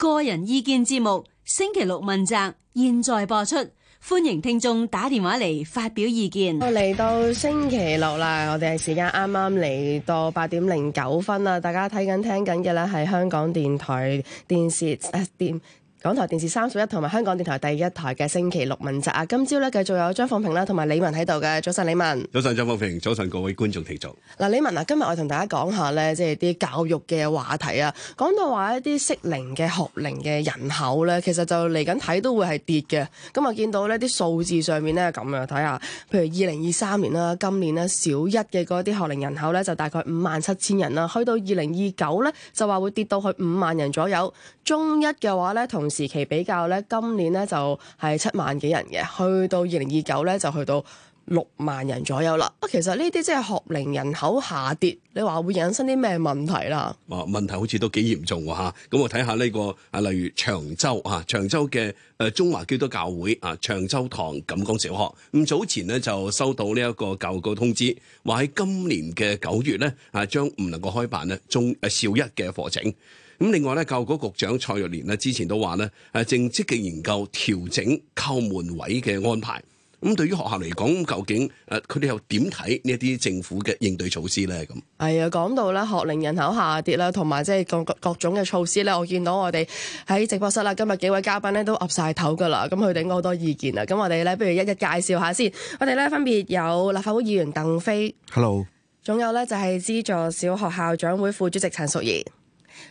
個人意見節目，星期六問責，現在播出，歡迎聽眾打電話嚟發表意見。我嚟到星期六啦，我哋嘅時間啱啱嚟到八點零九分啦，大家睇緊聽緊嘅咧係香港電台電視誒、啊港台電視三十一同埋香港電台第一台嘅星期六問集啊，今朝咧繼續有張鳳平啦，同埋李文喺度嘅。早晨。李文，早晨，張鳳平，早晨。各位觀眾聽眾嗱，李文啊，今日我同大家講下咧，即係啲教育嘅話題啊。講到話一啲適齡嘅學齡嘅人口咧，其實就嚟緊睇都會係跌嘅。咁啊，見到呢啲數字上面咧咁樣睇下，譬如二零二三年啦，今年呢，小一嘅嗰啲學齡人口咧就大概五萬七千人啦，去到二零二九咧就話會跌到去五萬人左右。中一嘅話咧，同時期比較咧，今年咧就係七萬幾人嘅，去到二零二九咧就去到六萬人左右啦。啊，其實呢啲即係學齡人口下跌，你話會引申啲咩問題啦？啊，問題好似都幾嚴重吓。咁我睇下呢個啊，例如長洲啊，長洲嘅誒中華基督教會啊，長洲堂錦江小學咁早前咧就收到呢一個教育局通知，話喺今年嘅九月咧啊，將唔能夠開辦咧中誒小一嘅課程。咁另外咧，教育局局長蔡若蓮之前都話咧，誒正積極研究調整叩門位嘅安排。咁對於學校嚟講，究竟誒佢哋又點睇呢一啲政府嘅應對措施咧？咁係啊，講到咧學齡人口下跌啦同埋即係各各種嘅措施咧，我見到我哋喺直播室啦，今日幾位嘉賓咧都噏晒頭噶啦，咁佢哋應該好多意見啊。咁我哋咧，不如一一介紹一下先。我哋咧分別有立法會議員鄧飛，Hello，仲有咧就係資助小學校長會副主席陳淑儀。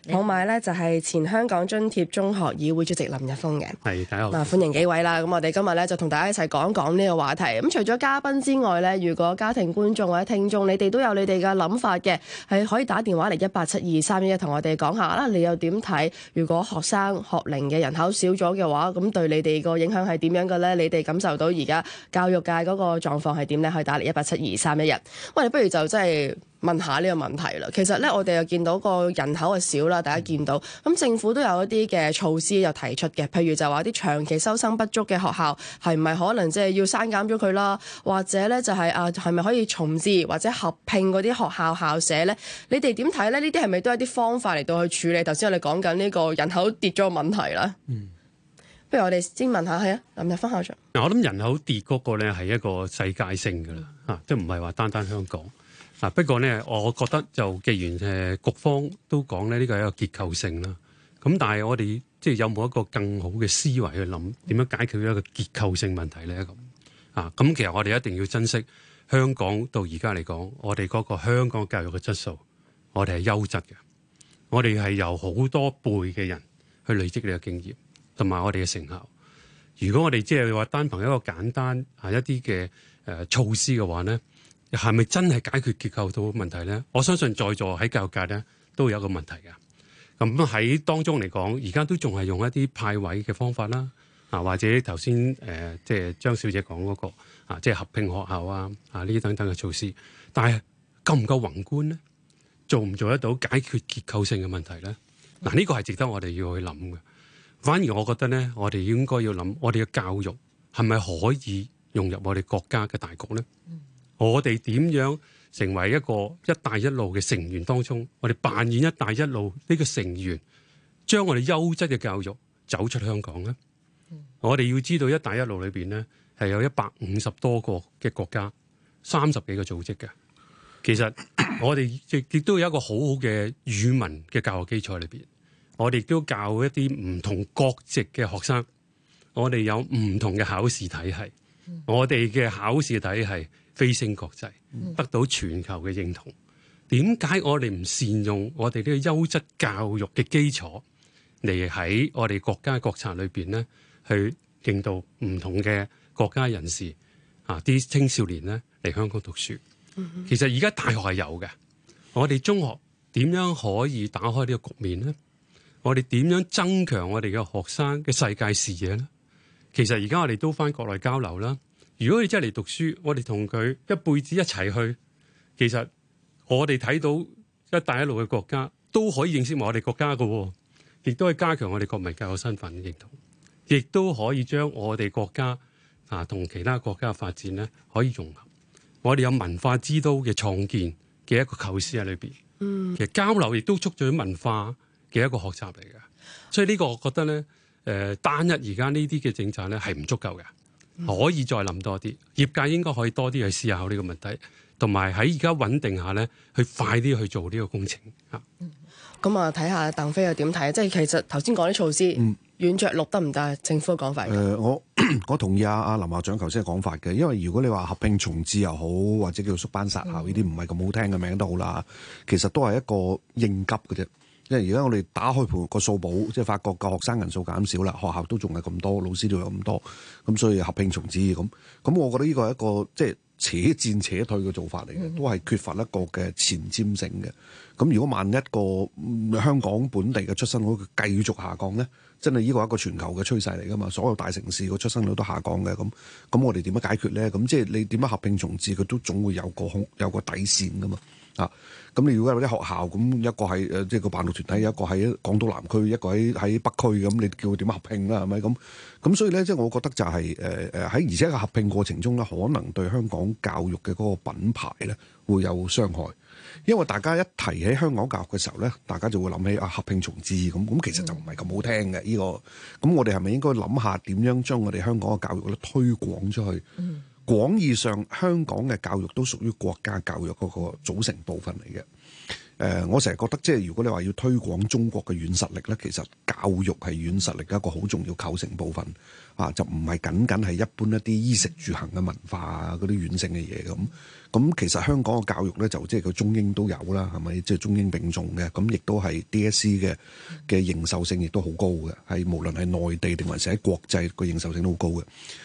同埋咧就係前香港津貼中學議會主席林日豐嘅，係，大家好，嗱歡迎幾位啦。咁我哋今日咧就同大家一齊講講呢個話題。咁除咗嘉賓之外咧，如果家庭觀眾或者聽眾，你哋都有你哋嘅諗法嘅，係可以打電話嚟一八七二三一一同我哋講下啦。你又點睇？如果學生學齡嘅人口少咗嘅話，咁對你哋個影響係點樣嘅咧？你哋感受到而家教育界嗰個狀況係點咧？可以打嚟一八七二三一一。喂，不如就真係～問下呢個問題啦，其實呢，我哋又見到個人口啊少啦，大家見到咁政府都有一啲嘅措施又提出嘅，譬如就話啲長期收生不足嘅學校係咪可能即係要刪減咗佢啦，或者呢、啊，就係啊係咪可以重置或者合併嗰啲學校校舍呢？你哋點睇呢？呢啲係咪都係啲方法嚟到去處理頭先我哋講緊呢個人口跌咗嘅問題啦？嗯，不如我哋先問下係啊林日芬校長。嗱我諗人口跌嗰個呢，係一個世界性㗎啦，都唔係話單單香港。不過咧，我覺得就既然，誒局方都講咧，呢個係一個結構性啦。咁但係我哋即係有冇一個更好嘅思維去諗點樣解決一個結構性問題咧？咁啊，咁其實我哋一定要珍惜香港到而家嚟講，我哋嗰個香港教育嘅質素，我哋係優質嘅。我哋係由好多輩嘅人去累積你嘅經驗同埋我哋嘅成效。如果我哋即係話單憑一個簡單啊一啲嘅誒措施嘅話咧。係咪真係解決結構到問題咧？我相信在座喺教育界咧都有一個問題嘅。咁喺當中嚟講，而家都仲係用一啲派位嘅方法啦，啊或者頭先誒即係張小姐講嗰個啊，即係合併學校啊啊呢啲等等嘅措施。但係夠唔夠宏觀咧？做唔做得到解決結構性嘅問題咧？嗱呢個係值得我哋要去諗嘅。反而我覺得咧，我哋應該要諗，我哋嘅教育係咪可以融入我哋國家嘅大局咧？我哋點樣成為一個一帶一路嘅成員當中，我哋扮演一帶一路呢個成員，將我哋優質嘅教育走出香港咧。我哋要知道一帶一路裏邊咧係有一百五十多個嘅國家，三十幾個組織嘅。其實我哋亦亦都有一個好好嘅語文嘅教學基礎裏邊，我哋都教一啲唔同國籍嘅學生，我哋有唔同嘅考試體系，我哋嘅考試體系。飛升國際得到全球嘅認同，點解我哋唔善用我哋呢個優質教育嘅基礎，嚟，喺我哋國家嘅國策裏邊咧，去令到唔同嘅國家人士啊啲青少年咧嚟香港讀書？其實而家大學係有嘅，我哋中學點樣可以打開呢個局面咧？我哋點樣增強我哋嘅學生嘅世界視野咧？其實而家我哋都返國內交流啦。如果你真係嚟讀書，我哋同佢一輩子一齊去，其實我哋睇到一帶一路嘅國家都可以認識埋我哋國家嘅，亦都可以加強我哋國民教育身份嘅認同，亦都可以將我哋國家啊同其他國家嘅發展咧可以融合。我哋有文化之都嘅創建嘅一個構思喺裏邊，嗯、其實交流亦都促進文化嘅一個學習嚟嘅。所以呢個我覺得咧，誒、呃、單一而家呢啲嘅政策咧係唔足夠嘅。可以再諗多啲，業界應該可以多啲去思考呢個問題，同埋喺而家穩定下咧，去快啲去做呢個工程。咁啊，睇下、嗯嗯、鄧飛又點睇？即係其實頭先講啲措施，嗯、軟着陸得唔得？政府講法誒、呃，我 我同意啊林校長頭先嘅講法嘅，因為如果你話合併重置又好，或者叫縮班殺校呢啲，唔係咁好聽嘅名都好啦，嗯、其實都係一個應急嘅啫。因為而家我哋打開盤個數簿，即係發覺個學生人數減少啦，學校都仲係咁多，老師都有咁多，咁所以合併重置咁。咁我覺得呢個係一個即係且戰且退嘅做法嚟嘅，都係缺乏一個嘅前瞻性嘅。咁如果萬一個、嗯、香港本地嘅出生率繼續下降咧，真係呢個係一個全球嘅趨勢嚟㗎嘛。所有大城市個出生率都下降嘅，咁咁我哋點樣解決咧？咁即係你點樣合併重置，佢都總會有個空，有個底線㗎嘛。咁、啊、你如果有啲學校，咁一個係誒，即係個辦學團體，一個喺港島南區，一個喺喺北區，咁你叫佢點合併啦？係咪咁？咁所以咧，即係我覺得就係誒誒喺而且個合併過程中咧，可能對香港教育嘅嗰個品牌咧會有傷害，因為大家一提起香港教育嘅時候咧，大家就會諗起啊合併重置。咁，咁其實就唔係咁好聽嘅呢、呢個。咁我哋係咪應該諗下點樣將我哋香港嘅教育咧推廣出去？嗯廣義上，香港嘅教育都屬於國家教育嗰個組成部分嚟嘅。誒，我成日覺得，即係如果你話要推廣中國嘅軟實力咧，其實教育係軟實力一個好重要構成部分。啊！就唔係僅僅係一般一啲衣食住行嘅文化啊，嗰啲軟性嘅嘢咁。咁其實香港嘅教育咧，就即係佢中英都有啦，係咪？即係中英並重嘅。咁亦都係 DSE 嘅嘅認受性亦都好高嘅。係無論係內地定還是喺國際，個認受性都好高嘅。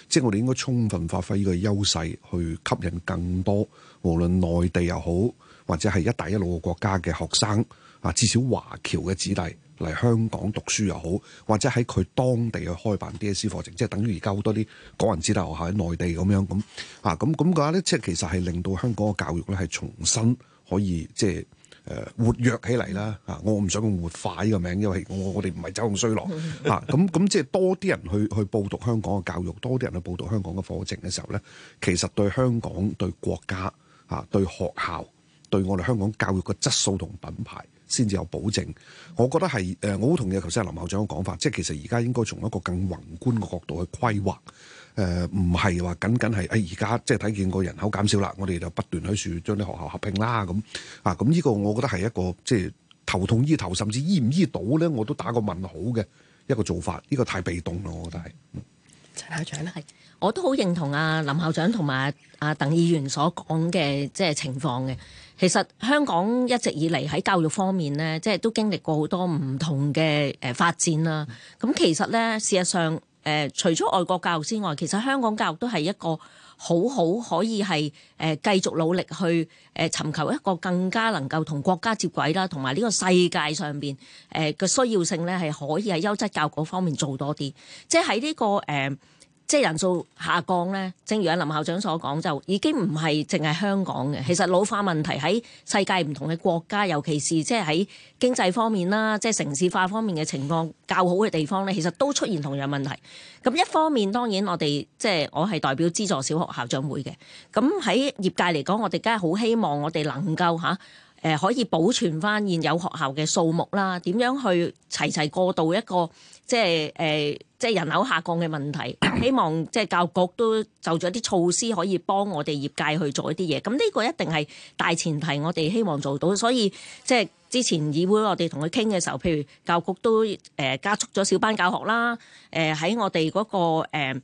即係我哋應該充分發揮呢個優勢，去吸引更多無論內地又好，或者係一帶一路嘅國家嘅學生啊，至少華僑嘅子弟。嚟香港讀書又好，或者喺佢當地去開辦 DSE 課程，即係等於而家好多啲港人子弟學校喺內地咁樣咁啊，咁咁嘅話咧，即係其實係令到香港嘅教育咧係重新可以即係誒、呃、活躍起嚟啦啊！我唔想用活化呢個名，因為我我哋唔係走咁衰落啊！咁、啊、咁、嗯、即係多啲人去去報讀香港嘅教育，多啲人去報讀香港嘅課程嘅時候咧，其實對香港對國家啊對學校對我哋香港教育嘅質素同品牌，先至有保證，我覺得係誒，我好同意頭先林校長嘅講法，即係其實而家應該從一個更宏觀嘅角度去規劃，誒、呃，唔係話僅僅係誒而家即係睇見個人口減少啦，我哋就不斷喺處將啲學校合併啦咁啊，咁呢個我覺得係一個即係頭痛醫頭，甚至醫唔醫到咧，我都打個問號嘅一個做法，呢個太被動啦，我覺得係。陳校長咧，係我都好認同阿林校長同埋阿鄧議員所講嘅即係情況嘅。其實香港一直以嚟喺教育方面咧，即係都經歷過好多唔同嘅誒發展啦。咁其實咧，事實上誒除咗外國教育之外，其實香港教育都係一個好好可以係誒繼續努力去誒尋求一個更加能夠同國家接軌啦，同埋呢個世界上面誒嘅需要性咧，係可以喺優質教育方面做多啲。即係喺呢個、呃即係人數下降咧，正如阿林校長所講，就已經唔係淨係香港嘅。其實老化問題喺世界唔同嘅國家，尤其是即係喺經濟方面啦，即係城市化方面嘅情況較好嘅地方咧，其實都出現同樣問題。咁一方面當然我哋即係我係代表資助小學校長會嘅。咁喺業界嚟講，我哋梗係好希望我哋能夠、呃、可以保存返現有學校嘅數目啦。點樣去齊齊過渡一個？即係誒，即係人口下降嘅問題，希望即係教育局都就咗啲措施可以幫我哋業界去做一啲嘢。咁呢個一定係大前提，我哋希望做到。所以即係之前議會我哋同佢傾嘅時候，譬如教育局都誒加速咗小班教學啦，誒喺我哋嗰個、呃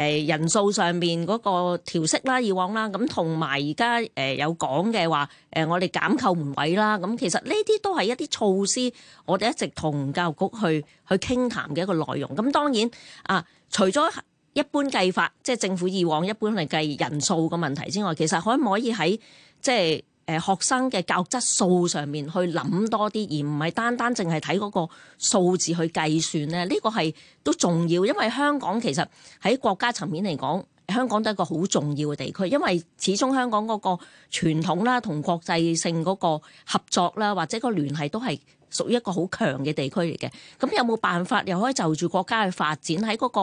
誒人數上面嗰個調適啦，以往啦，咁同埋而家誒有講嘅話，誒我哋減扣門位啦，咁其實呢啲都係一啲措施，我哋一直同教育局去去傾談嘅一個內容。咁當然啊，除咗一般計法，即係政府以往一般嚟計人數嘅問題之外，其實可唔可以喺即係，誒學生嘅教育質素上面去諗多啲，而唔係單單淨係睇嗰個數字去計算咧。呢個係都重要，因為香港其實喺國家層面嚟講，香港都係一個好重要嘅地區。因為始終香港嗰個傳統啦，同國際性嗰個合作啦，或者個聯繫都係屬於一個好強嘅地區嚟嘅。咁有冇辦法又可以就住國家去發展喺嗰個、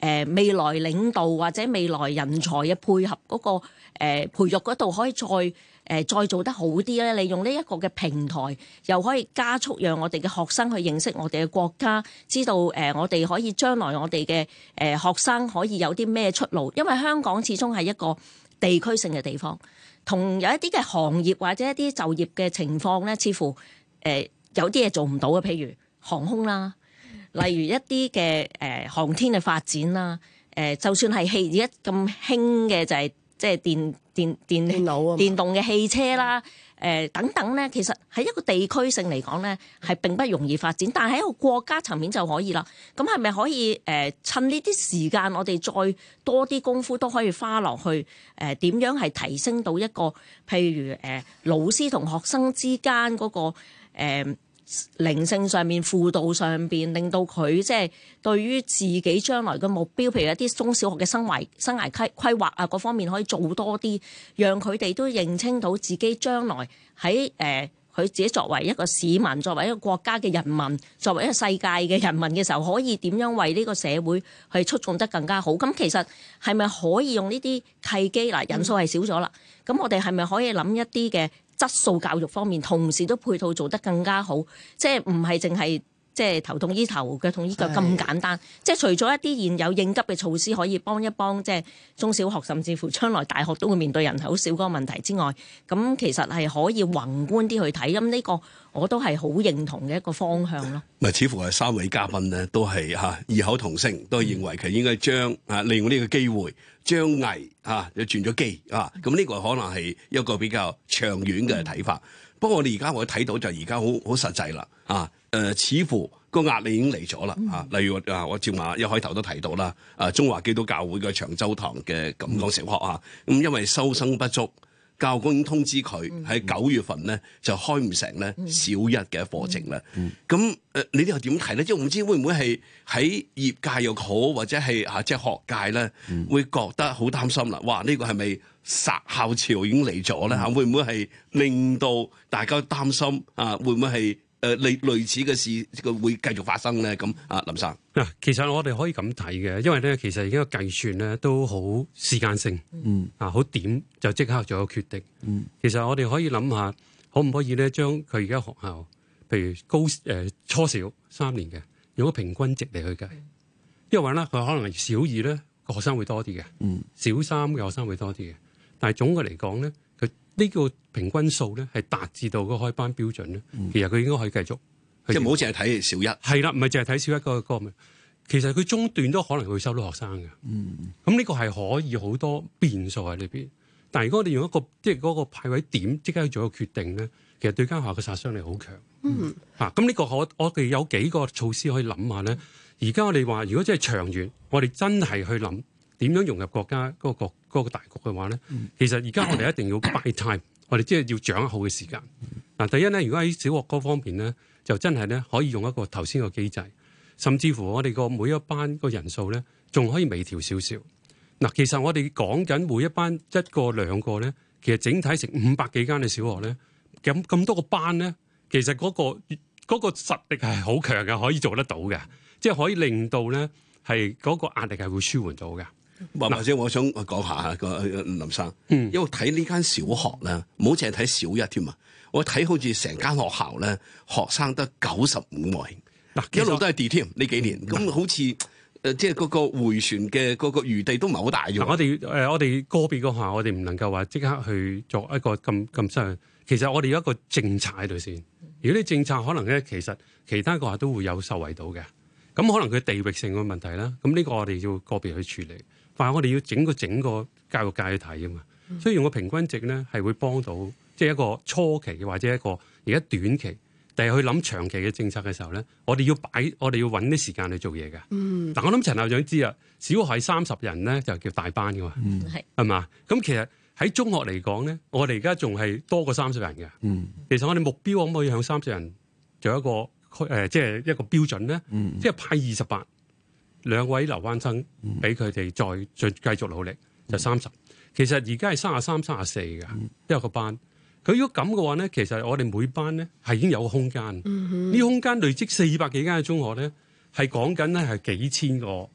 誒、未來領導或者未來人才嘅配合嗰個、誒、培育嗰度，可以再？誒再做得好啲咧，利用呢一個嘅平台，又可以加速讓我哋嘅學生去認識我哋嘅國家，知道誒我哋可以將來我哋嘅誒學生可以有啲咩出路，因為香港始終係一個地區性嘅地方，同有一啲嘅行業或者一啲就業嘅情況咧，似乎誒有啲嘢做唔到嘅，譬如航空啦，例如一啲嘅誒航天嘅發展啦，誒就算係而家咁興嘅就係即係電。電電腦啊，電動嘅汽車啦，誒等等咧，其實喺一個地區性嚟講咧，係並不容易發展，但喺一個國家層面就可以啦。咁係咪可以誒？趁呢啲時間，我哋再多啲功夫都可以花落去誒，點、呃、樣係提升到一個譬如誒、呃、老師同學生之間嗰、個、呃靈性上面、輔導上面，令到佢即係對於自己將來嘅目標，譬如一啲中小學嘅生涯生涯規規劃啊，各方面可以做多啲，讓佢哋都認清到自己將來喺誒佢自己作為一個市民、作為一個國家嘅人民、作為一個世界嘅人民嘅時候，可以點樣為呢個社會去出眾得更加好。咁其實係咪可以用呢啲契機？嗱，人數係少咗啦，咁、嗯、我哋係咪可以諗一啲嘅？質素教育方面，同時都配套做得更加好，即係唔係淨係。即係頭痛醫頭，腳痛醫腳咁簡單。是即係除咗一啲現有應急嘅措施，可以幫一幫即係中小學，甚至乎將來大學都會面對人口少嗰個問題之外，咁其實係可以宏觀啲去睇。咁呢個我都係好認同嘅一個方向咯。唔似乎係三位嘉賓咧都係嚇、啊、異口同聲，都係認為佢應該將啊利用呢個機會將危啊轉咗機啊。咁呢、啊、個可能係一個比較長遠嘅睇法。嗯、不過我哋而家我睇到就而家好好實際啦啊！誒、呃，似乎個壓力已經嚟咗啦。例如啊，我照馬一開頭都提到啦，啊，中華基督教會嘅長洲堂嘅錦江小學啊，咁、嗯嗯嗯嗯、因為收生不足，教官已經通知佢喺九月份咧就開唔成咧、嗯、小一嘅課程啦。咁、嗯呃、你哋又點睇咧？即係唔知會唔會係喺業界又好，或者係即係學界咧，嗯、會覺得好擔心啦。哇！呢、這個係咪殺校潮已經嚟咗咧嚇？會唔會係令到大家擔心啊？會唔會係？誒、呃，類類似嘅事個會繼續發生咧？咁啊，林生嗱，其實我哋可以咁睇嘅，因為咧，其實而家個計算咧都好時間性，嗯啊，好點就即刻做個決定，嗯。其實我哋可以諗下，可唔可以咧將佢而家學校，譬如高誒、呃、初小三年嘅，用個平均值嚟去計，因為話咧佢可能小二咧個學生會多啲嘅，嗯，小三嘅學生會多啲嘅，但係總嘅嚟講咧。呢個平均數咧，係達至到個開班標準咧，其實佢應該可以繼續。嗯、做即係唔好淨係睇小一。係啦，唔係淨係睇小一嗰個。其實佢中段都可能會收到學生嘅。嗯。咁呢個係可以好多變數喺裏邊。但係如果我哋用一個即係嗰個派位點即刻去做一個決定咧，其實對間學校嘅殺傷力好強。嗯。嚇、啊！咁、這、呢個我我哋有幾個措施可以諗下咧？而家我哋話，如果真係長遠，我哋真係去諗點樣融入國家嗰、那個國家。嗰個大局嘅話咧，其實而家我哋一定要 buy time 我哋即係要掌握好嘅時間。嗱，第一咧，如果喺小學嗰方面咧，就真係咧可以用一個頭先個機制，甚至乎我哋個每一班個人數咧，仲可以微調少少。嗱，其實我哋講緊每一班一個兩個咧，其實整體成五百幾間嘅小學咧，咁咁多個班咧，其實嗰個嗰個實力係好強嘅，可以做得到嘅，即係可以令到咧係嗰個壓力係會舒緩到嘅。或者喇我想講下個林生，嗯、因為睇呢間小學咧，唔好淨係睇小一添啊！我睇好似成間學校咧，學生得九十五位，嗱，一路都係跌添呢幾年，咁喇喇好似誒、呃、即係嗰個回旋嘅嗰個餘地都唔係好大。嗱，我哋誒我哋個別學校，我哋唔能夠話即刻去作一個咁咁相。其實我哋有一個政策喺度先，如果啲政策可能咧，其實其他學校都會有受惠到嘅。咁可能佢地域性嘅問題啦，咁呢個我哋要個別去處理。但係我哋要整個整個教育界去睇啊嘛，所以用個平均值咧係會幫到，即係一個初期或者一個而家短期，定係去諗長期嘅政策嘅時候咧，我哋要擺我哋要揾啲時間去做嘢嘅。嗱、嗯，但我諗陳校長知啊，小學係三十人咧就叫大班嘅嘛，係嘛？咁、嗯、其實喺中學嚟講咧，我哋而家仲係多過三十人嘅。嗯、其實我哋目標可唔可以向三十人做一個誒、呃，即係一個標準咧？嗯、即係派二十八。兩位留班生，俾佢哋再再繼續努力就三十。其實而家係三十三、三十四噶一個班。佢如果咁嘅話咧，其實我哋每班咧係已經有個空間。呢、嗯、哼空間累積四百幾間嘅中學咧，係講緊咧係幾千個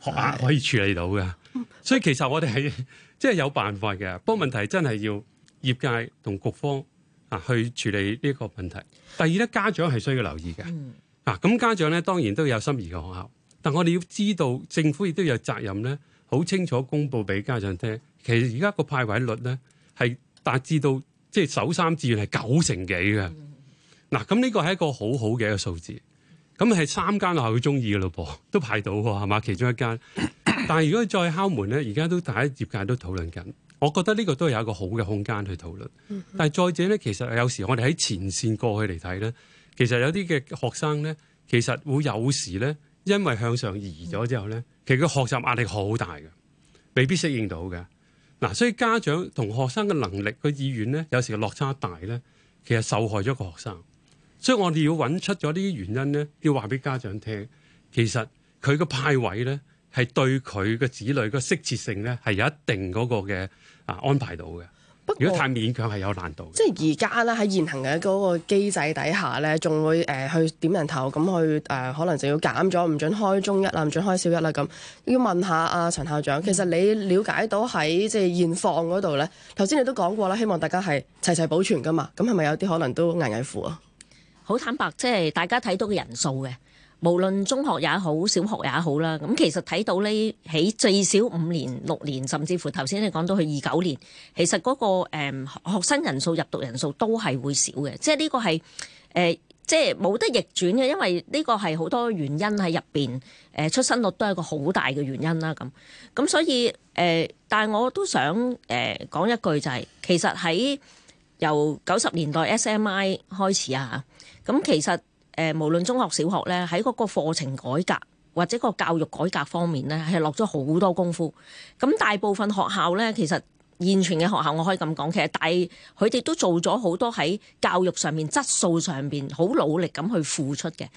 學額可以處理到嘅。是所以其實我哋係即係有辦法嘅。不過問題真係要業界同局方啊去處理呢個問題。第二咧，家長係需要留意嘅。啊，咁家長咧當然都有心儀嘅學校。但我哋要知道政府亦都有責任咧，好清楚公布俾家長聽。其實而家個派位率咧係達至到即係首三志願係九成幾嘅。嗱、嗯，咁、嗯、呢個係一個好好嘅一個數字。咁係三間學校好中意嘅咯噃，都派到喎，係嘛？其中一間，但係如果再敲門咧，而家都大家業界都討論緊。我覺得呢個都係有一個好嘅空間去討論。但係再者咧，其實有時我哋喺前線過去嚟睇咧，其實有啲嘅學生咧，其實會有時咧。因為向上移咗之後咧，其實個學習壓力好大嘅，未必適應到嘅。嗱，所以家長同學生嘅能力個意願咧，有時個落差大咧，其實受害咗個學生。所以我哋要揾出咗呢啲原因咧，要話俾家長聽。其實佢個派位咧，係對佢個子女個適切性咧，係有一定嗰個嘅啊安排到嘅。如果太勉強係有難度，即係而家咧，喺現行嘅嗰個機制底下咧，仲會誒、呃、去點人頭咁去誒、呃，可能就要減咗唔准開中一，唔准開小一啦咁。要問一下阿、啊、陳校長，其實你了解到喺即係現況嗰度咧，頭先你都講過啦，希望大家係齊齊保存噶嘛。咁係咪有啲可能都危危乎？啊？好坦白，即係大家睇到嘅人數嘅。無論中學也好，小學也好啦，咁其實睇到呢喺最少五年、六年，甚至乎頭先你講到去二九年，其實嗰、那個誒、嗯、學生人數入讀人數都係會少嘅，即係呢個係誒、呃、即係冇得逆轉嘅，因為呢個係好多原因喺入面，誒、呃、出生率都係一個好大嘅原因啦。咁咁所以誒、呃，但係我都想誒、呃、講一句就係、是，其實喺由九十年代 SMI 開始啊，咁其實。誒，無論中學、小學咧，喺嗰個課程改革或者個教育改革方面咧，係落咗好多功夫。咁大部分學校咧，其實現存嘅學校，我可以咁講，其實但係佢哋都做咗好多喺教育上面質素上面好努力咁去付出嘅。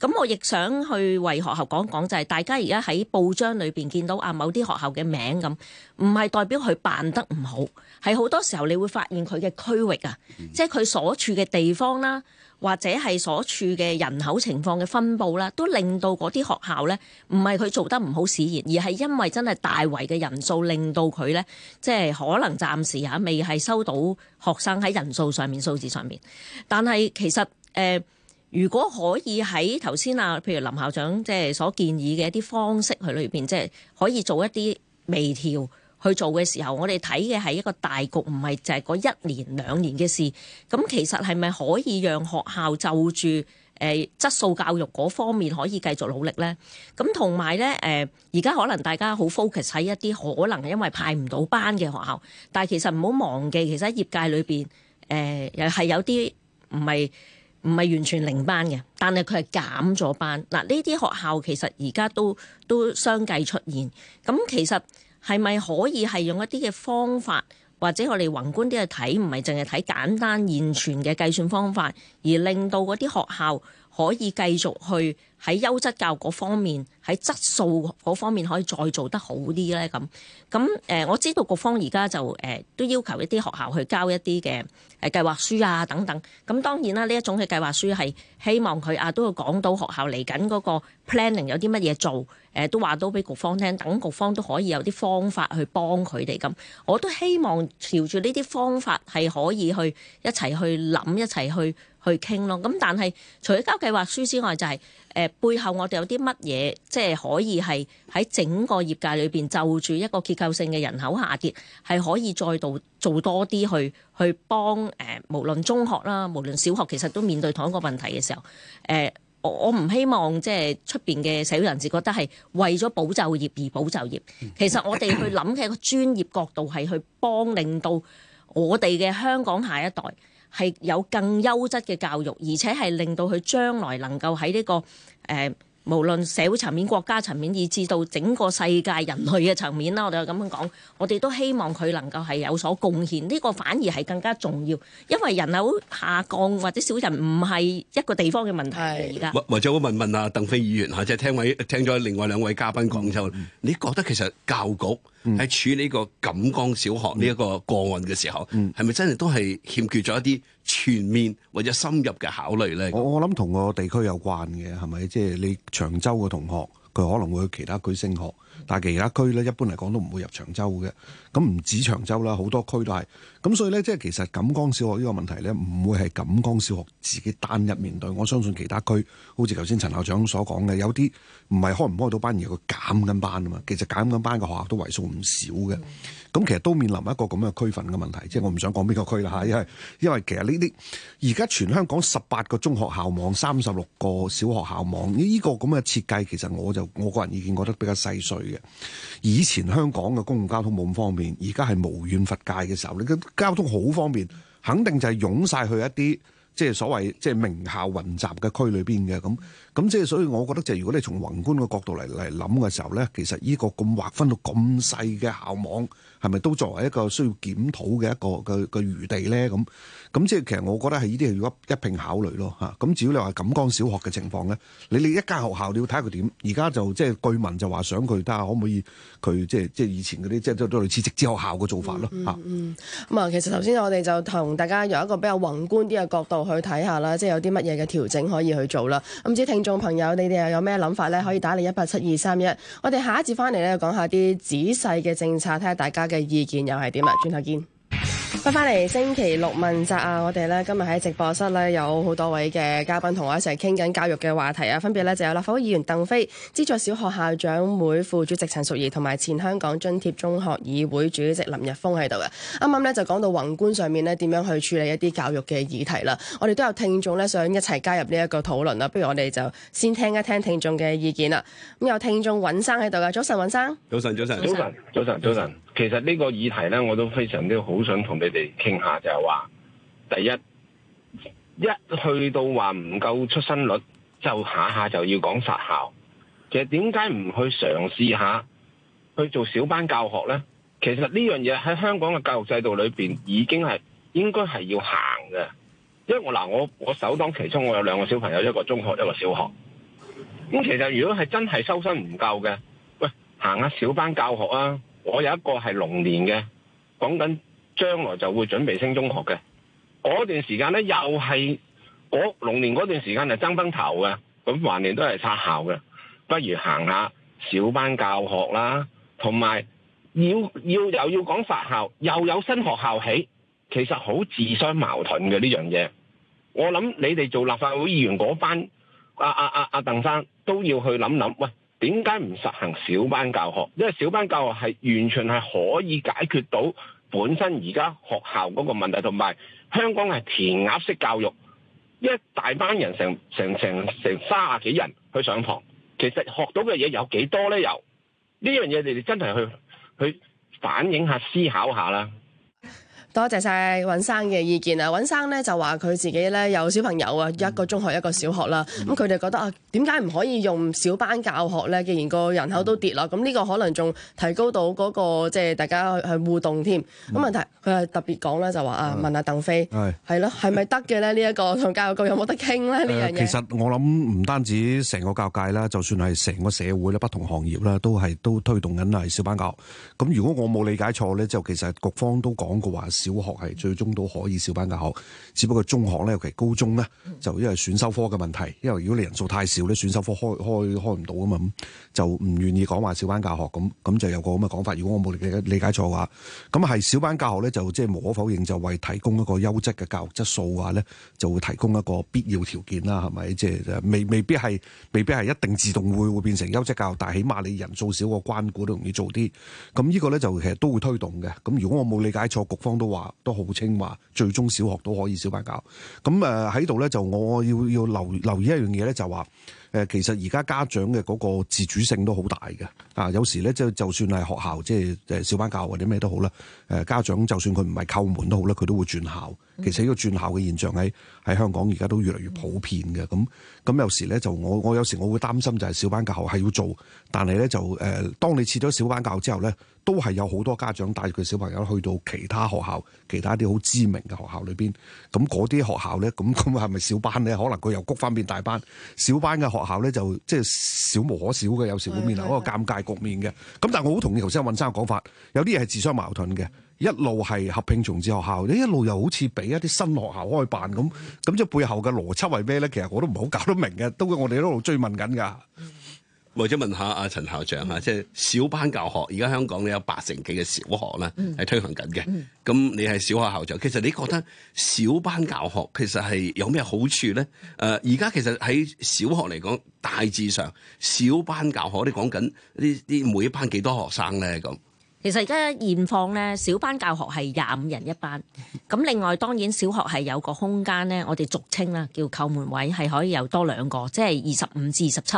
咁我亦想去為學校講講，就係、是、大家而家喺報章裏邊見到啊，某啲學校嘅名咁，唔係代表佢辦得唔好，係好多時候你會發現佢嘅區域啊，即係佢所處嘅地方啦。或者係所處嘅人口情況嘅分布，啦，都令到嗰啲學校咧，唔係佢做得唔好、使然，而係因為真係大圍嘅人數令到佢咧，即係可能暫時嚇未係收到學生喺人數上面、數字上面。但係其實誒、呃，如果可以喺頭先啊，譬如林校長即係所建議嘅一啲方式裡面，佢裏面即係可以做一啲微調。去做嘅時候，我哋睇嘅係一個大局，唔係就係嗰一年兩年嘅事。咁其實係咪可以讓學校就住誒、呃、質素教育嗰方面可以繼續努力呢？咁同埋呢，誒、呃，而家可能大家好 focus 喺一啲可能係因為派唔到班嘅學校，但係其實唔好忘記，其實喺業界裏面，又、呃、係有啲唔係唔係完全零班嘅，但係佢係減咗班嗱。呢、呃、啲學校其實而家都都相繼出現咁，其實。係咪可以係用一啲嘅方法，或者我哋宏觀啲去睇，唔係淨係睇簡單現存嘅計算方法，而令到嗰啲學校可以繼續去，喺優質教育嗰方面，喺質素嗰方面可以再做得好啲咧。咁咁誒，我知道局方而家就誒都要求一啲學校去交一啲嘅計劃書啊，等等。咁當然啦，呢一種嘅計劃書係希望佢啊，都會講到學校嚟緊嗰個 planning 有啲乜嘢做，都話到俾局方聽，等局方都可以有啲方法去幫佢哋咁。我都希望朝住呢啲方法係可以去一齊去諗，一齊去去傾咯。咁但係除咗交計劃書之外，就係、是。誒、呃、背後我哋有啲乜嘢，即係可以係喺整個業界裏邊就住一個結構性嘅人口下跌，係可以再度做多啲去去幫誒、呃，無論中學啦，無論小學，其實都面對同一個問題嘅時候，誒、呃，我我唔希望即係出邊嘅社會人士覺得係為咗保就業而保就業，其實我哋去諗嘅一個專業角度係去幫令到我哋嘅香港下一代。係有更優質嘅教育，而且係令到佢將來能夠喺呢個誒，無論社會層面、國家層面，以至到整個世界人類嘅層面啦，我哋咁樣講，我哋都希望佢能夠係有所貢獻。呢個反而係更加重要，因為人口下降或者少人唔係一個地方嘅問題嚟。而家或者我問問阿鄧飛議員嚇，即係聽位聽咗另外兩位嘉賓講就，你覺得其實教育局？喺、嗯、處理個錦江小學呢一個個案嘅時候，係咪、嗯、真係都係欠缺咗一啲全面或者深入嘅考慮咧？我我諗同個地區有關嘅係咪？即係、就是、你長洲嘅同學，佢可能會去其他區升學。但係其他區咧，一般嚟講都唔會入長洲嘅，咁唔止長洲啦，好多區都係。咁所以咧，即係其實錦江小學呢個問題咧，唔會係錦江小學自己單一面對。我相信其他區，好似頭先陳校長所講嘅，有啲唔係開唔開到班而係佢減緊班啊嘛。其實減緊班嘅學校都為數唔少嘅。咁其實都面臨一個咁嘅區分嘅問題，即係我唔想講邊個區啦吓，因為，因為其實呢啲而家全香港十八個中學校網三十六個小學校網呢個咁嘅設計，其實我就我個人意見覺得比較細碎嘅。以前香港嘅公共交通冇咁方便，而家係無遠弗屆嘅時候，你嘅交通好方便，肯定就係湧晒去一啲即係所謂即係名校雲集嘅區裏邊嘅咁。咁即係所以，我覺得就係如果你從宏觀嘅角度嚟嚟諗嘅時候咧，其實呢個咁劃分到咁細嘅校網。係咪都作為一個需要檢討嘅一個嘅嘅餘地咧？咁咁即係其實我覺得係呢啲，係要一並考慮咯嚇。咁至於你話錦江小學嘅情況咧，你你一間學校你要睇下佢點。而家就即係據聞就話想佢睇下可唔可以佢即係即係以前嗰啲即係都都類似直資學校嘅做法咯嚇。咁啊、嗯嗯嗯，其實頭先我哋就同大家由一個比較宏觀啲嘅角度去睇下啦，即係有啲乜嘢嘅調整可以去做啦。唔知聽眾朋友你哋又有咩諗法咧？可以打你一八七二三一。我哋下一節翻嚟咧講下啲仔細嘅政策，睇下大家嘅意見又係點啊？轉頭見翻返嚟星期六問責啊！我哋咧今日喺直播室咧有好多位嘅嘉賓同我一齊傾緊教育嘅話題啊！分別咧就有立法會議員鄧飛、資助小學校長會副主席陳淑儀，同埋前香港津貼中學議會主席林日豐喺度嘅。啱啱咧就講到宏觀上面咧點樣去處理一啲教育嘅議題啦。我哋都有聽眾咧想一齊加入呢一個討論啦，不如我哋就先聽一聽聽眾嘅意見啦。咁有聽眾尹生喺度嘅，早晨尹生。早晨，早晨，早晨，早晨，早晨。其實呢個議題呢，我都非常之好想同你哋傾下，就係話第一一去到話唔夠出生率，就下下就要講殺校。其實點解唔去嘗試下去做小班教學呢？其實呢樣嘢喺香港嘅教育制度裏面已經係應該係要行嘅，因為我嗱我我首當其衝，我有兩個小朋友，一個中學一個小學。咁其實如果係真係收生唔夠嘅，喂，行下小班教學啊！我有一個係龍年嘅，講緊將來就會準備升中學嘅。嗰段時間呢，又係嗰龍年嗰段時間係爭崩頭嘅，咁橫掂都係殺校嘅，不如行下小班教學啦，同埋要要又要講殺校，又有新學校起，其實好自相矛盾嘅呢樣嘢。我諗你哋做立法會議員嗰班阿阿阿阿鄧生都要去諗諗，喂。點解唔實行小班教學？因為小班教學係完全係可以解決到本身而家學校嗰個問題，同埋香港係填鴨式教育，一大班人成成成成三十幾人去上堂，其實學到嘅嘢有幾多呢？又呢樣嘢，你哋真係去去反映下、思考下啦。多謝晒尹生嘅意見啊！尹生咧就話佢自己咧有小朋友啊，嗯、一個中學一個小學啦。咁佢哋覺得啊，點解唔可以用小班教學咧？既然個人口都跌啦，咁呢、嗯、個可能仲提高到嗰、嗰個即係、即係、大家去互動添。咁、嗯、問題佢係特別講咧，就話啊問阿鄧飛係係咯，係咪得嘅咧？係係呢一唉、呢個同教育局有冇得傾咧？呢樣嘢其實我諗唔單止成個教育界啦，就算係成個社會啦，不同行業啦，都係都推動緊係小班教學。咁如果我冇理解錯咧，就其實局方都講過話。小學係最終都可以小班教學，只不過中學咧，尤其高中咧，就因為選修科嘅問題，因為如果你人數太少咧，選修科開開開唔到啊嘛，咁就唔願意講話小班教學咁，咁就有個咁嘅講法。如果我冇理解錯嘅話，咁係小班教學咧，就即係無可否認，就為提供一個優質嘅教育質素嘅話咧，就會提供一個必要條件啦，係咪？即係就未未必係，未必係一定自動會會變成優質教育，但起碼你人數少個關顧都容易做啲。咁呢個咧就其實都會推動嘅。咁如果我冇理解錯，局方都。話都號稱話，最終小學都可以小班教。咁誒喺度咧，就我要要留留意一樣嘢咧，就話誒，其實而家家長嘅嗰個自主性都好大嘅。啊，有時咧即係就算係學校，即係誒小班教或者咩都好啦。誒，家長就算佢唔係叩門都好啦，佢都會轉校。其實呢個轉校嘅現象喺喺香港而家都越嚟越普遍嘅，咁咁有時咧就我我有時我會擔心就係小班教學係要做，但係咧就誒、呃，當你設咗小班教之後咧，都係有好多家長帶住佢小朋友去到其他學校、其他啲好知名嘅學校裏邊，咁嗰啲學校咧，咁咁係咪小班咧？可能佢又谷翻變大班，小班嘅學校咧就即係少無可少嘅，有時會面臨一對個尷尬局面嘅。咁但我好同意頭先阿韻生講法，有啲嘢係自相矛盾嘅。一路係合併重置學校，你一路又好似俾一啲新學校開辦咁，咁即係背後嘅邏輯係咩咧？其實我都唔好搞得明嘅，都我哋一路追問緊噶。或者問下阿陳校長吓，即係小班教學，而家香港咧有八成幾嘅小學咧係推行緊嘅。咁，嗯，你係小學校長，其實你覺得小班教學其實係有咩好處咧？誒、呃，而家其實喺小學嚟講，大致上小班教學，你講緊呢啲每班幾多學生咧咁？其實而家現況咧，小班教學係廿五人一班。咁另外當然小學係有個空間咧，我哋俗稱啦叫叩門位，係可以有多兩個，即係二十五至二十七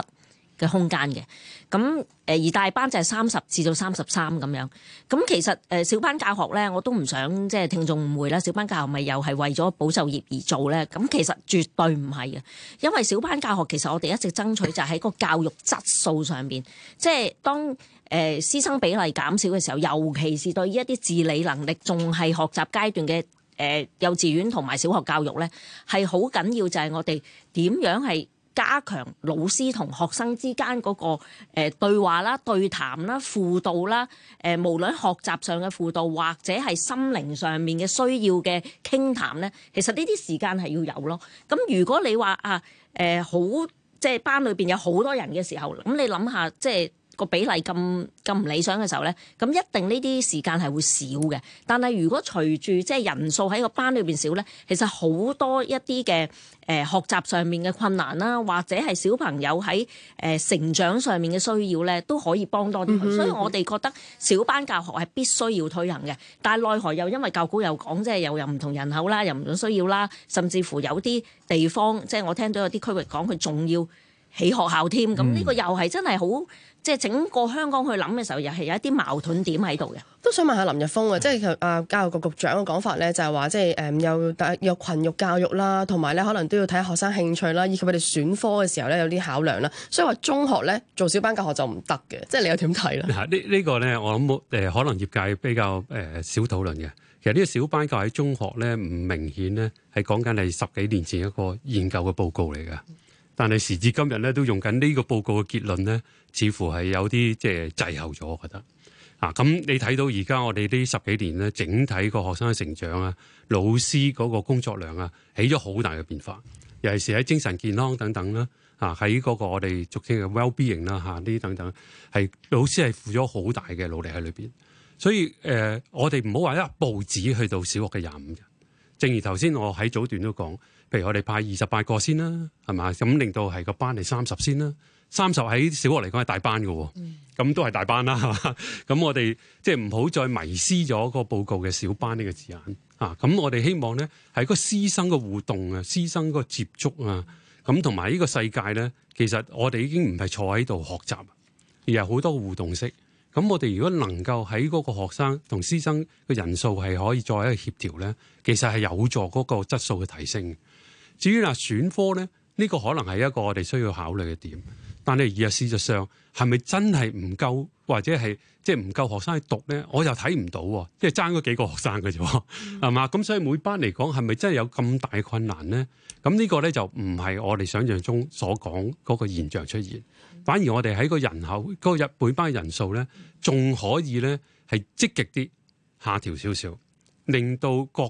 嘅空間嘅。咁而大班就係三十至到三十三咁樣。咁其實小班教學咧，我都唔想即係聽眾誤會啦。小班教學咪又係為咗保就業而做咧？咁其實絕對唔係嘅，因為小班教學其實我哋一直爭取就係喺個教育質素上面，即係當。誒師生比例減少嘅時候，尤其是對於一啲自理能力仲係學習階段嘅誒幼稚園同埋小學教育咧，係好緊要，就係我哋點樣係加強老師同學生之間嗰個誒對話啦、對談啦、輔導啦。誒無論學習上嘅輔導，或者係心靈上面嘅需要嘅傾談咧，其實呢啲時間係要有咯。咁如果你話啊誒，好，即係班裏邊有好多人嘅時候，咁你諗下即係。個比例咁咁唔理想嘅時候呢，咁一定呢啲時間係會少嘅。但係如果隨住即係人數喺個班裏面少呢，其實好多一啲嘅誒學習上面嘅困難啦，或者係小朋友喺誒成長上面嘅需要呢，都可以幫多啲。嗯、哼所以我哋覺得小班教學係必須要推行嘅。但係奈何又因為教官又講，即係又又唔同人口啦，又唔同需要啦，甚至乎有啲地方即係我聽到有啲區域講佢仲要起學校添。咁呢個又係真係好。即係整個香港去諗嘅時候，又係有一啲矛盾點喺度嘅。都想問下林日豐啊，即係阿教育局局長嘅講法咧，就係話即係誒有大有群育教育啦，同埋咧可能都要睇學生興趣啦，以及佢哋選科嘅時候咧有啲考量啦。所以話中學咧做小班教學就唔得嘅，即係你又點睇咧？嗱，呢呢個咧，我諗誒可能業界比較誒少討論嘅。其實呢個小班教喺中學咧，唔明顯咧係講緊係十幾年前一個研究嘅報告嚟嘅。但係時至今日咧，都用緊呢個報告嘅結論咧，似乎係有啲即係滯後咗，我覺得啊，咁你睇到而家我哋呢十幾年咧，整體個學生嘅成長啊，老師嗰個工作量啊，起咗好大嘅變化，尤其是喺精神健康等等啦，啊喺嗰個我哋俗稱嘅 Well-being 啦、啊、嚇，呢啲等等係老師係付咗好大嘅努力喺裏邊，所以誒、呃，我哋唔好話一暴斬去到小學嘅廿五人，正如頭先我喺早段都講。譬如我哋派二十八個先啦，係嘛？咁令到係個班係三十先啦。三十喺小學嚟講係大班嘅，咁都係大班啦，係 嘛？咁我哋即係唔好再迷失咗個報告嘅小班呢個字眼啊！咁我哋希望咧係個師生嘅互動啊，師生個接觸啊，咁同埋呢個世界咧，其實我哋已經唔係坐喺度學習，而係好多互動式。咁我哋如果能夠喺嗰個學生同師生嘅人數係可以作為一個協調咧，其實係有助嗰個質素嘅提升。至於嗱選科咧，呢個可能係一個我哋需要考慮嘅點。但係而家事實上係咪真係唔夠，或者係即係唔夠學生去讀咧？我就睇唔到，即係爭嗰幾個學生嘅啫，係嘛，嗯？咁所以每班嚟講係咪真係有咁大困難咧？咁呢個咧就唔係我哋想像中所講嗰個現象出現，反而我哋喺個人口個日每班嘅人數咧，仲可以咧係積極啲，下調少少，令到各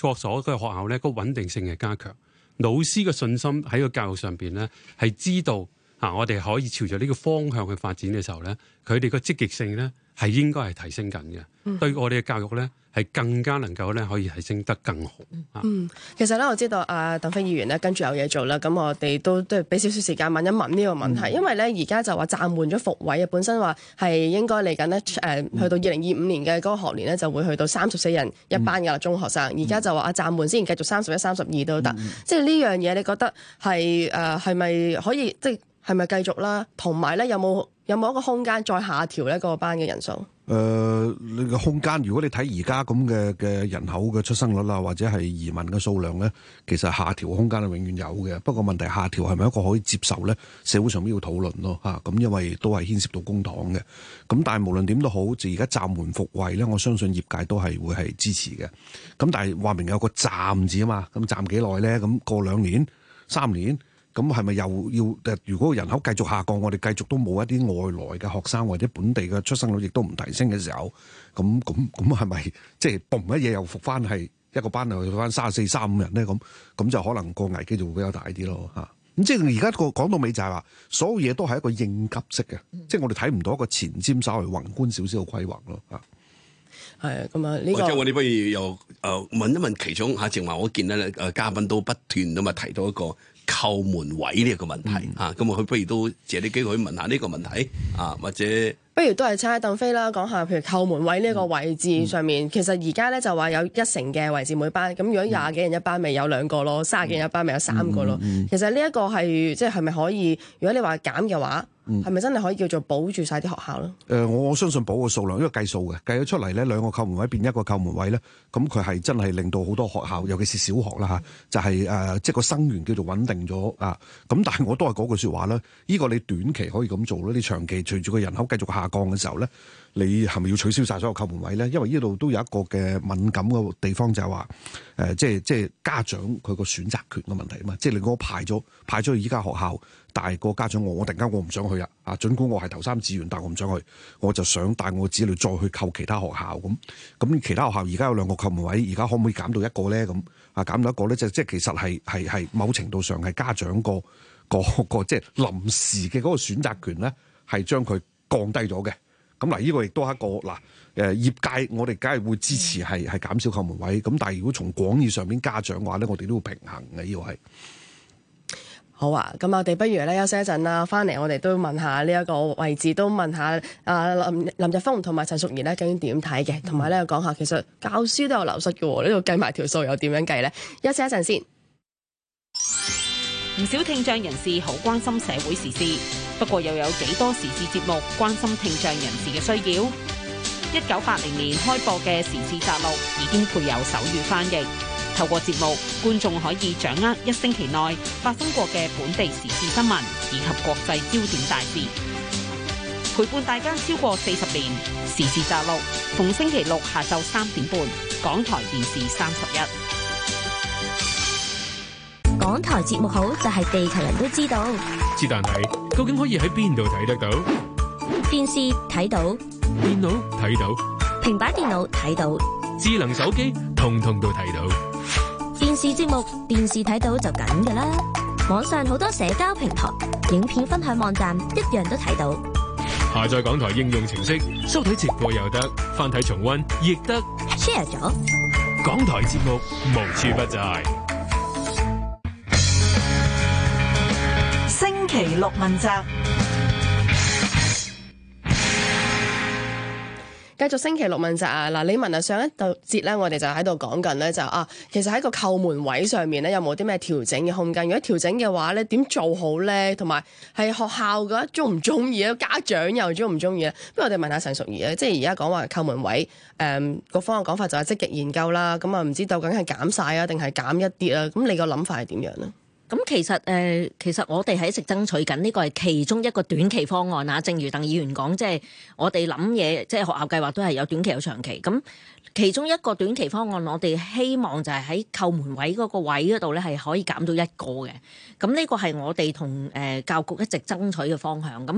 各所嘅學校咧個穩定性係加強。老師嘅信心喺個教育上邊咧，係知道嚇我哋可以朝著呢個方向去發展嘅時候咧，佢哋個積極性咧，係應該係提升緊嘅，對我哋嘅教育咧係更加能夠咧可以提升得更好啊！嗯，是嗯，其實咧我知道啊，鄧飛議員咧跟住有嘢做啦，咁我哋都都俾少少時間問一問呢個問題，嗯、因為咧而家就話暫緩咗復位啊，本身話係應該嚟緊咧誒去到二零二五年嘅嗰個學年咧就會去到三十四人一班嘅、嗯、中學生，而家就話啊暫緩，先繼續三十一、三十二都得，即係呢樣嘢，你覺得係誒係咪可以即係？係咪繼續啦？同埋咧，有冇有冇一個空間再下調咧？個、那個班嘅人數？誒、呃，你個空間，如果你睇而家咁嘅嘅人口嘅出生率啦，或者係移民嘅數量咧，其實下調空間係永遠有嘅。不過問題下調係咪一個可以接受咧？社會上面要討論咯，咁、啊，因為都係牽涉到公帑嘅。咁但係無論點都好，就而家暫緩復位咧，我相信業界都係會係支持嘅。咁但係話明有個暫字啊嘛，咁暫幾耐咧？咁過兩年、三年。咁係咪又要？如果人口繼續下降，我哋繼續都冇一啲外來嘅學生，或者本地嘅出生率亦都唔提升嘅時候，咁咁咁係咪即係嘣一嘢又復翻係一個班又去翻三四三五人咧？咁咁就可能個危機就會比較大啲咯嚇。咁即係而家個講到尾就係話，所有嘢都係一個應急式嘅，即係、嗯、我哋睇唔到一個前瞻稍為宏觀少少嘅規劃咯嚇。係咁啊，呢、這個即係我哋不如又誒、呃、問一問其中嚇，正、啊、話，我見到誒、呃、嘉賓都不斷咁啊提到一個。扣門位呢個問題、嗯、啊，咁我去不如都借啲機會去問下呢個問題啊，或者。不如都係猜下鄧飛啦，講下譬如扣門位呢個個位置上面，嗯嗯、其實而家咧就話有一成嘅位置每班，咁、嗯、如果廿幾人一班，咪有兩個咯，卅幾、嗯、人一班，咪有三個咯。嗯嗯、其實呢一個係即係咪可以，如果你話減嘅話，係咪、嗯、真係可以叫做保住晒啲學校咧、呃？我相信保個數量，因為計數嘅計咗出嚟咧，兩個扣門位變一個扣門位咧，咁佢係真係令到好多學校，尤其是小學啦嚇、嗯就是呃，就係即係個生源叫做穩定咗啊。咁但係我都係嗰句說話啦，呢、呢個你短期可以咁做啦，你長期隨住個人口繼續下降嘅時候咧，你係咪要取消晒所有扣門位咧？因為呢度都有一個嘅敏感嘅地方就是，就係話誒，即係即係家長佢個選擇權嘅問題啊嘛。即係你嗰個排咗派咗去依家學校，但係個家長我我突然間我唔想去啦，啊，盡管我係頭三志願，但我唔想去，我就想帶我子女再去扣其他學校咁。咁其他學校而家有兩個扣門位，而家可唔可以減到一個咧？咁啊，減到一個咧，就即係其實係係係某程度上係家長的個個即係臨時嘅嗰個選擇權咧，係將佢。降低咗嘅。咁嗱，呢個亦都係一個嗱，誒，業界我哋梗係會支持，係係減少後門位，咁、嗯、但係如果從廣義上面家長嘅話咧，我哋都要平衡嘅，呢個係好啊。咁我哋不如咧休息一陣啦，返嚟我哋都問下呢一個位置，都問下阿林林日豐同埋陳淑儀呢，究竟點睇嘅，同埋咧講下其實教書都有流失嘅，呢度計埋條數又點樣計呢？休息一陣先。唔少聽障人士好關心社會時事。不過又有幾多時事節目關心聽障人士嘅需要？一九八零年開播嘅時事摘錄已經配有手語翻譯，透過節目，觀眾可以掌握一星期內發生過嘅本地時事新聞以及國際焦點大事，陪伴大家超過四十年。時事摘錄逢星期六下晝三點半，港台電視三十一。港台節目好就係、是、地球人都知道，只但係究竟可以喺邊度睇得到？電視睇到，電腦睇到，平板電腦睇到，智能手機通通都睇到電節。電視節目，電視睇到就梗㗎啦，網上好多社交平台、影片分享網站一樣都睇到。下載港台應用程式，收睇直播又得，翻睇重溫亦得。share 咗，港台節目無處不在。星期六問責，繼續星期六問責啊！嗱，李文啊，上一度節咧，我哋就喺度講緊咧，就是，啊，其實喺個扣門位上面咧，有冇啲咩調整嘅空間？如果調整嘅話咧，點做好咧？同埋係學校嘅中唔中意啊？家長又中唔中意啊？不如我哋問下陳淑儀啊。即係而家講話扣門位，誒、嗯，各方面嘅講法就係積極研究啦。咁啊，唔知究竟係減晒啊，定係減一啲啊？咁你個諗法係點樣咧？咁其實誒、呃，其實我哋喺食爭取緊呢個係其中一個短期方案啊。正如鄧議員講，即係我哋諗嘢，即係學校計劃都係有短期有長期咁。其中一個短期方案，我哋希望就係喺叩門位嗰個位嗰度咧，係可以減到一個嘅。咁呢個係我哋同誒教育局一直爭取嘅方向。咁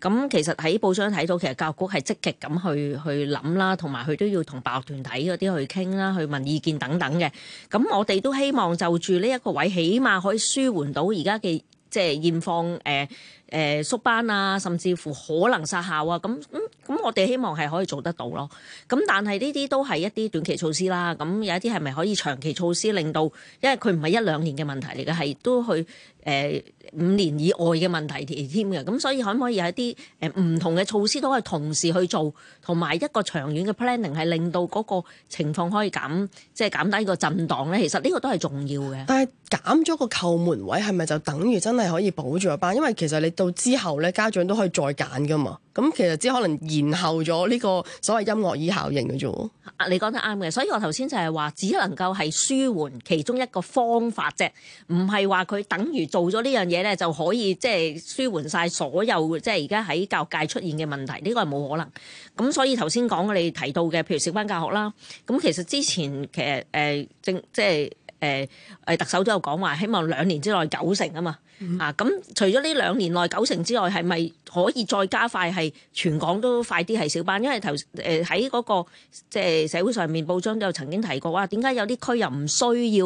咁其實喺報章睇到，其實教育局係積極咁去去諗啦，同埋佢都要同辦學團體嗰啲去傾啦，去問意見等等嘅。咁我哋都希望就住呢一個位，起碼可以舒緩到而家嘅。即係驗放誒誒縮班啊，甚至乎可能殺校啊，咁咁咁，嗯、我哋希望係可以做得到咯。咁但係呢啲都係一啲短期措施啦。咁有一啲係咪可以長期措施令到？因為佢唔係一兩年嘅問題嚟嘅，係都去誒。呃五年以外嘅問題添嘅，咁所以可唔可以有一啲誒唔同嘅措施都可以同時去做，同埋一個長遠嘅 planning，係令到嗰個情況可以減，即係減低個震盪咧。其實呢個都係重要嘅。但係減咗個扣門位係咪就等於真係可以保住一班？因為其實你到之後咧，家長都可以再揀噶嘛。咁其實只可能延後咗呢個所謂音樂椅效應嘅啫。你講得啱嘅，所以我頭先就係話只能夠係舒緩其中一個方法啫，唔係話佢等於做咗呢樣嘢。咧就可以即係舒緩晒所有即係而家喺教育界出現嘅問題，呢個係冇可能。咁所以頭先講我哋提到嘅，譬如小班教學啦，咁其實之前其實誒政即係誒誒特首都有講話，希望兩年之內九成、嗯、啊嘛。啊咁，除咗呢兩年內九成之外，係咪可以再加快？係全港都快啲係小班？因為頭誒喺嗰個即係社會上面報章都有曾經提過，話點解有啲區又唔需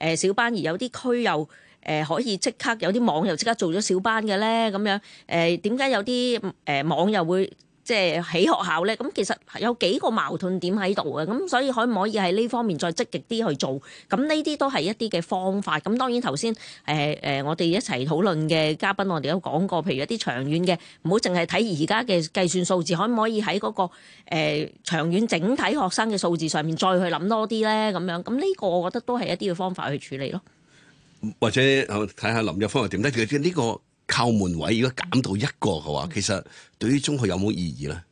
要誒小班，而有啲區又？誒、呃、可以即刻有啲網友即刻做咗小班嘅咧，咁樣誒點解有啲誒、呃、網友會即係起學校咧？咁其實有幾個矛盾點喺度嘅，咁、呃、所以可唔可以喺呢方面再積極啲去做？咁呢啲都係一啲嘅方法。咁、呃、當然頭先誒我哋一齊討論嘅嘉賓，我哋都講過，譬如一啲長遠嘅，唔好淨係睇而家嘅計算數字，可唔可以喺嗰、個、呃、長遠整體學生嘅數字上面再去諗多啲咧？咁樣咁呢、呃個我覺得都係一啲嘅方法去處理咯。或者睇下林日豐又點咧？佢、這、呢個靠門位如果減到一個嘅話，其實對於中學有冇意義咧？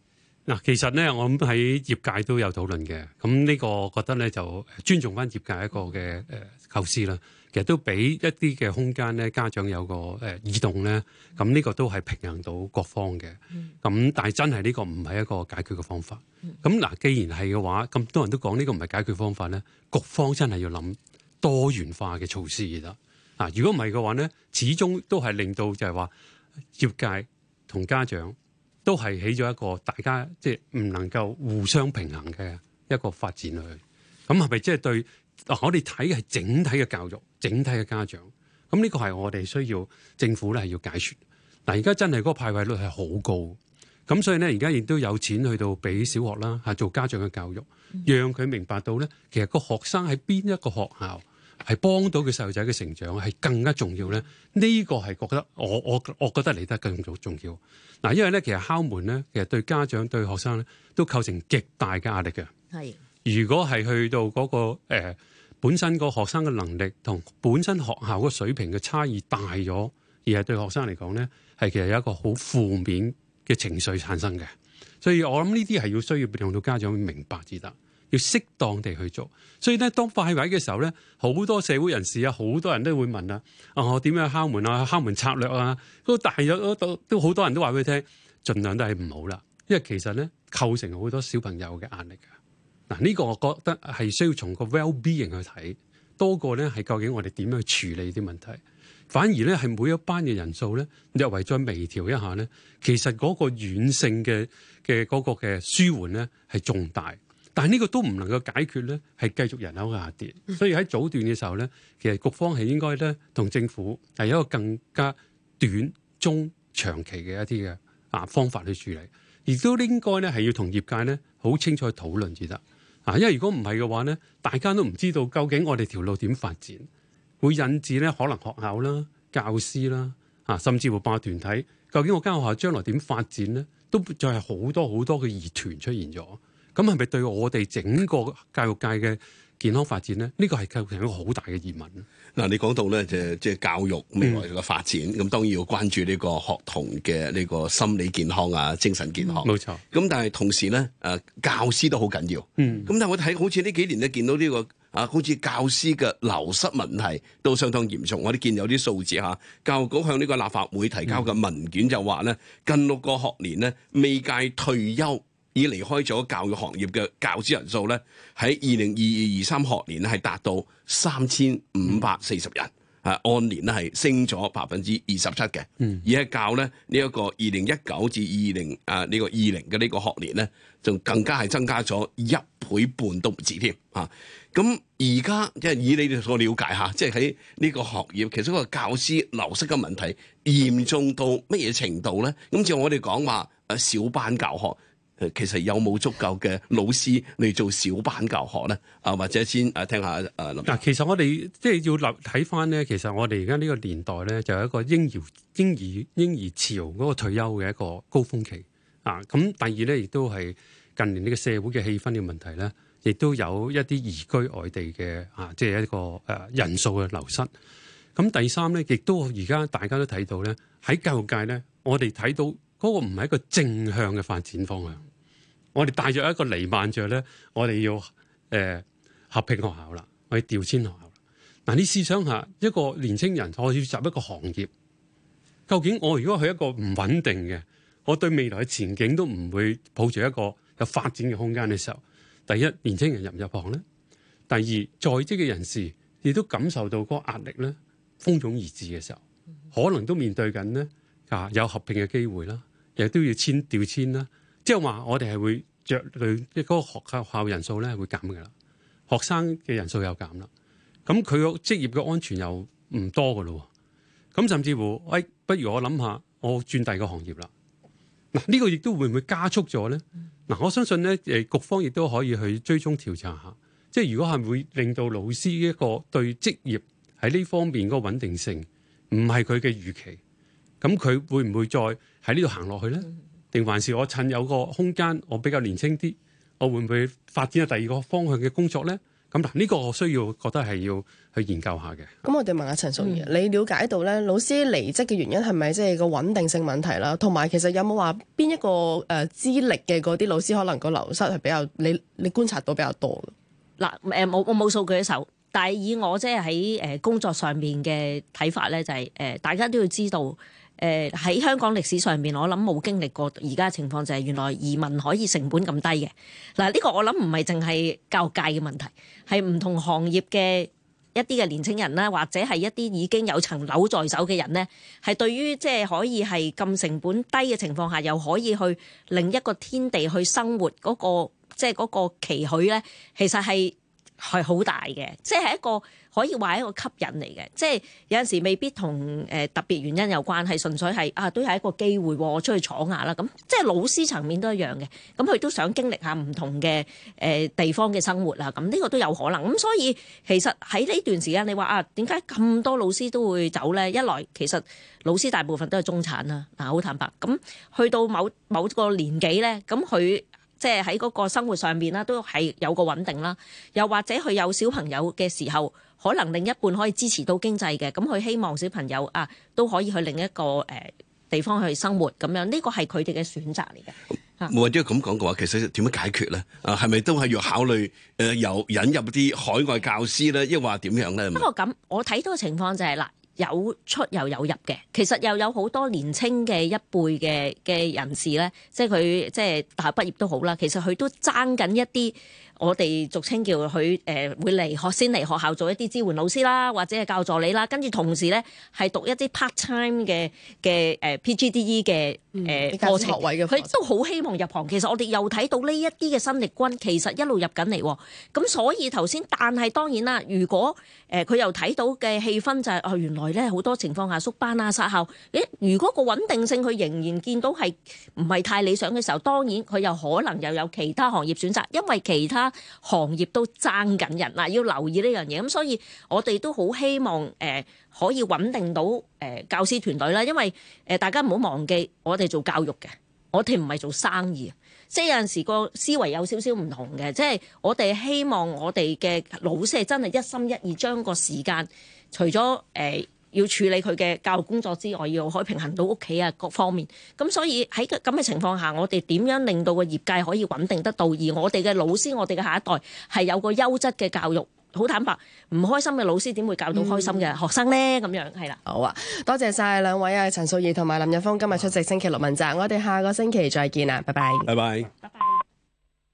嗱，其實咧，我諗喺業界都有討論嘅。咁、這、呢個我覺得咧就尊重翻業界一個嘅構思啦。其實都俾一啲嘅空間咧，家長有個誒移動咧。咁、這、呢個都係平衡到各方嘅。咁但係真係呢個唔係一個解決嘅方法。咁嗱，既然係嘅話，咁多人都講呢個唔係解決方法咧，各方真係要諗。多元化嘅措施啦，啊，如果唔係嘅話咧，始終都係令到就係話業界同家長都係起咗一個大家即係唔能夠互相平衡嘅一個發展去。咁係咪即係對我哋睇嘅係整體嘅教育，整體嘅家長？咁呢個係我哋需要政府咧係要解決。嗱，啊，而家真係嗰個派位率係好高，咁所以咧而家亦都有錢去到俾小學啦，吓做家長嘅教育，讓佢明白到咧，其實個學生喺邊一個學校係幫到佢細路仔嘅成長，係更加重要咧。呢個係覺得我我我覺得嚟得更重重要。嗱，因為咧其實敲門咧，其實對家長對學生咧都構成極大嘅壓力嘅。係的，如果係去到嗰個呃、本身個學生嘅能力同本身學校個水平嘅差異大咗，而係對學生嚟講咧，係其實有一個好負面嘅情緒產生嘅。所以我諗呢啲係要需要令到家長明白至得。要適當地去做，所以咧，當快位嘅時候咧，好多社會人士啊，好多人都會問啦。啊、哦，我點樣敲門啊？敲門策略啊？都但係都都好多人都話俾佢聽，儘量都係唔好啦，因為其實咧構成好多小朋友嘅壓力嘅嗱。呢、這個我覺得係需要從個 well-being 去睇多過咧，係究竟我哋點樣去處理啲問題。反而咧，係每一班嘅人數咧略為再微調一下咧，其實嗰個軟性嘅嘅嗰個嘅舒緩咧係重大。但呢個都唔能夠解決咧，係繼續人口嘅下跌。所以喺早段嘅時候咧，其實局方係應該咧同政府係一個更加短、中、長期嘅一啲嘅啊方法去處理，亦都應該咧係要同業界咧好清楚去討論至得啊。因為如果唔係嘅話咧，大家都唔知道究竟我哋條路點發展，會引致咧可能學校啦、教師啦啊，甚至乎辦學團體，究竟我間學校將來點發展咧，都就係好多好多嘅疑團出現咗。咁係咪對我哋整個教育界嘅健康發展咧？呢個係教育界一個好大嘅疑問。嗱，你講到咧，就即係教育未來嘅發展，咁、嗯、當然要關注呢個學童嘅呢個心理健康啊、精神健康。冇錯、嗯。咁但係同時咧，誒，教師都好緊要。嗯。咁但係我睇，好似呢幾年咧，見到呢、這個啊，好似教師嘅流失問題都相當嚴重。我哋見有啲數字吓，教育局向呢個立法會提交嘅文件就話咧，嗯、近六個學年呢，未屆退休。已離開咗教育行業嘅教師人數咧，喺二零二二二三學年咧係達到三千五百四十人，啊，按年咧係升咗百分之二十七嘅。嗯，而喺教咧呢一個二零一九至二零啊呢個二零嘅呢個學年咧，仲更加係增加咗一倍半都唔止添。啊，咁而家即係以你哋所了解下，即係喺呢個行業，其實個教師流失嘅問題嚴重到乜嘢程度咧？咁就我哋講話啊，小班教學。其實有冇足夠嘅老師嚟做小班教學咧？啊，或者先啊，聽下啊，嗱，其實我哋即係要立睇翻咧，其實我哋而家呢個年代咧，就有一個嬰兒嬰兒嬰兒潮嗰個退休嘅一個高峰期啊。咁第二咧，亦都係近年呢個社會嘅氣氛嘅問題咧，亦都有一啲移居外地嘅啊，即係一個誒、呃、人數嘅流失。咁、嗯、第三咧，亦都而家大家都睇到咧，喺教育界咧，我哋睇到嗰、那個唔係一個正向嘅發展方向。我哋帶著一個彌漫着咧，我哋要誒、呃、合併學校啦，去調遷學校。嗱，你試想下一個年青人我要入一個行業，究竟我如果去一個唔穩定嘅，我對未來嘅前景都唔會抱住一個有發展嘅空間嘅時候，第一年青人入唔入行咧？第二在職嘅人士亦都感受到嗰個壓力咧，蜂擁而至嘅時候，可能都面對緊咧，啊有合併嘅機會啦，亦都要調遷調遷啦。即係話，我哋係會着佢，即嗰個學校校人數咧會減噶啦，學生嘅人數又減啦，咁佢個職業嘅安全又唔多噶咯，咁甚至乎，喂、哎，不如我諗下，我轉第二個行業啦。嗱，呢個亦都會唔會加速咗咧？嗱、嗯，我相信咧，誒，局方亦都可以去追蹤調查下，即係如果係會令到老師一個對職業喺呢方面嗰個穩定性，唔係佢嘅預期，咁佢會唔會再喺呢度行落去咧？定還是我趁有個空間，我比較年輕啲，我會唔會發展到第二個方向嘅工作咧？咁嗱，呢個我需要覺得係要去研究一下嘅。咁我哋問下陳淑儀，嗯、你了解到咧，老師離職嘅原因係咪即係個穩定性問題啦？同埋其實有冇話邊一個誒、呃、資歷嘅嗰啲老師可能個流失係比較你你觀察到比較多嘅？嗱誒，冇、呃、我冇數據喺手，但係以我即係喺誒工作上面嘅睇法咧、就是，就係誒大家都要知道。誒喺香港歷史上面，我諗冇經歷過而家嘅情況就係、是、原來移民可以成本咁低嘅。嗱，呢個我諗唔係淨係教育界嘅問題，係唔同行業嘅一啲嘅年青人啦，或者係一啲已經有層樓在手嘅人咧，係對於即係可以係咁成本低嘅情況下，又可以去另一個天地去生活嗰、那個即係嗰個期許咧，其實係。係好大嘅，即係一個可以話係一個吸引嚟嘅，即係有陣時未必同特別原因有關，係純粹係啊，都係一個機會喎，我出去闖下啦。咁即係老師層面都一樣嘅，咁佢都想經歷下唔同嘅地方嘅生活啦。咁呢個都有可能。咁所以其實喺呢段時間你，你話啊，點解咁多老師都會走呢？一來其實老師大部分都係中產啦，嗱、啊、好坦白。咁去到某某個年紀呢，咁佢。即係喺嗰個生活上面啦，都係有個穩定啦。又或者佢有小朋友嘅時候，可能另一半可以支持到經濟嘅。咁佢希望小朋友啊都可以去另一個誒、呃、地方去生活咁樣。呢個係佢哋嘅選擇嚟嘅。冇或者咁講嘅話，其實點樣解決咧？啊，係咪都係要考慮誒？有、呃、引入啲海外教師咧，抑或點樣咧？不過咁，我睇到嘅情況就係、是、嗱。有出又有入嘅，其實又有好多年青嘅一輩嘅嘅人士咧，即係佢即係大學畢業都好啦，其實佢都爭緊一啲。我哋俗稱叫佢誒會嚟學先嚟學校做一啲支援老師啦，或者係教助理啦，跟住同時咧係讀一啲 part time 嘅嘅誒 PGDE 嘅誒課程，佢都好希望入行。嗯、其實我哋又睇到呢一啲嘅新力軍，其實一路入緊嚟。咁所以頭先，但係當然啦，如果誒佢、呃、又睇到嘅氣氛就係、是、哦，原來咧好多情況下縮班啊、殺校，誒如果個穩定性佢仍然見到係唔係太理想嘅時候，當然佢又可能又有其他行業選擇，因為其他。行業都爭緊人啦，要留意呢樣嘢，咁所以我哋都好希望誒、呃，可以穩定到誒、呃、教師團隊啦。因為誒、呃、大家唔好忘記，我哋做教育嘅，我哋唔係做生意，即係有陣時個思維有少少唔同嘅。即係我哋希望我哋嘅老師真係一心一意將，將個時間除咗誒。呃要處理佢嘅教育工作之外，要可以平衡到屋企啊各方面。咁所以喺咁嘅情況下，我哋點樣令到個業界可以穩定得到，而我哋嘅老師，我哋嘅下一代係有個優質嘅教育。好坦白，唔開心嘅老師點會教到開心嘅學生呢？咁、嗯、樣係啦。好啊，多謝晒兩位啊，陳淑儀同埋林日豐今日出席星期六問責，我哋下個星期再見啊，拜拜。拜拜。拜拜。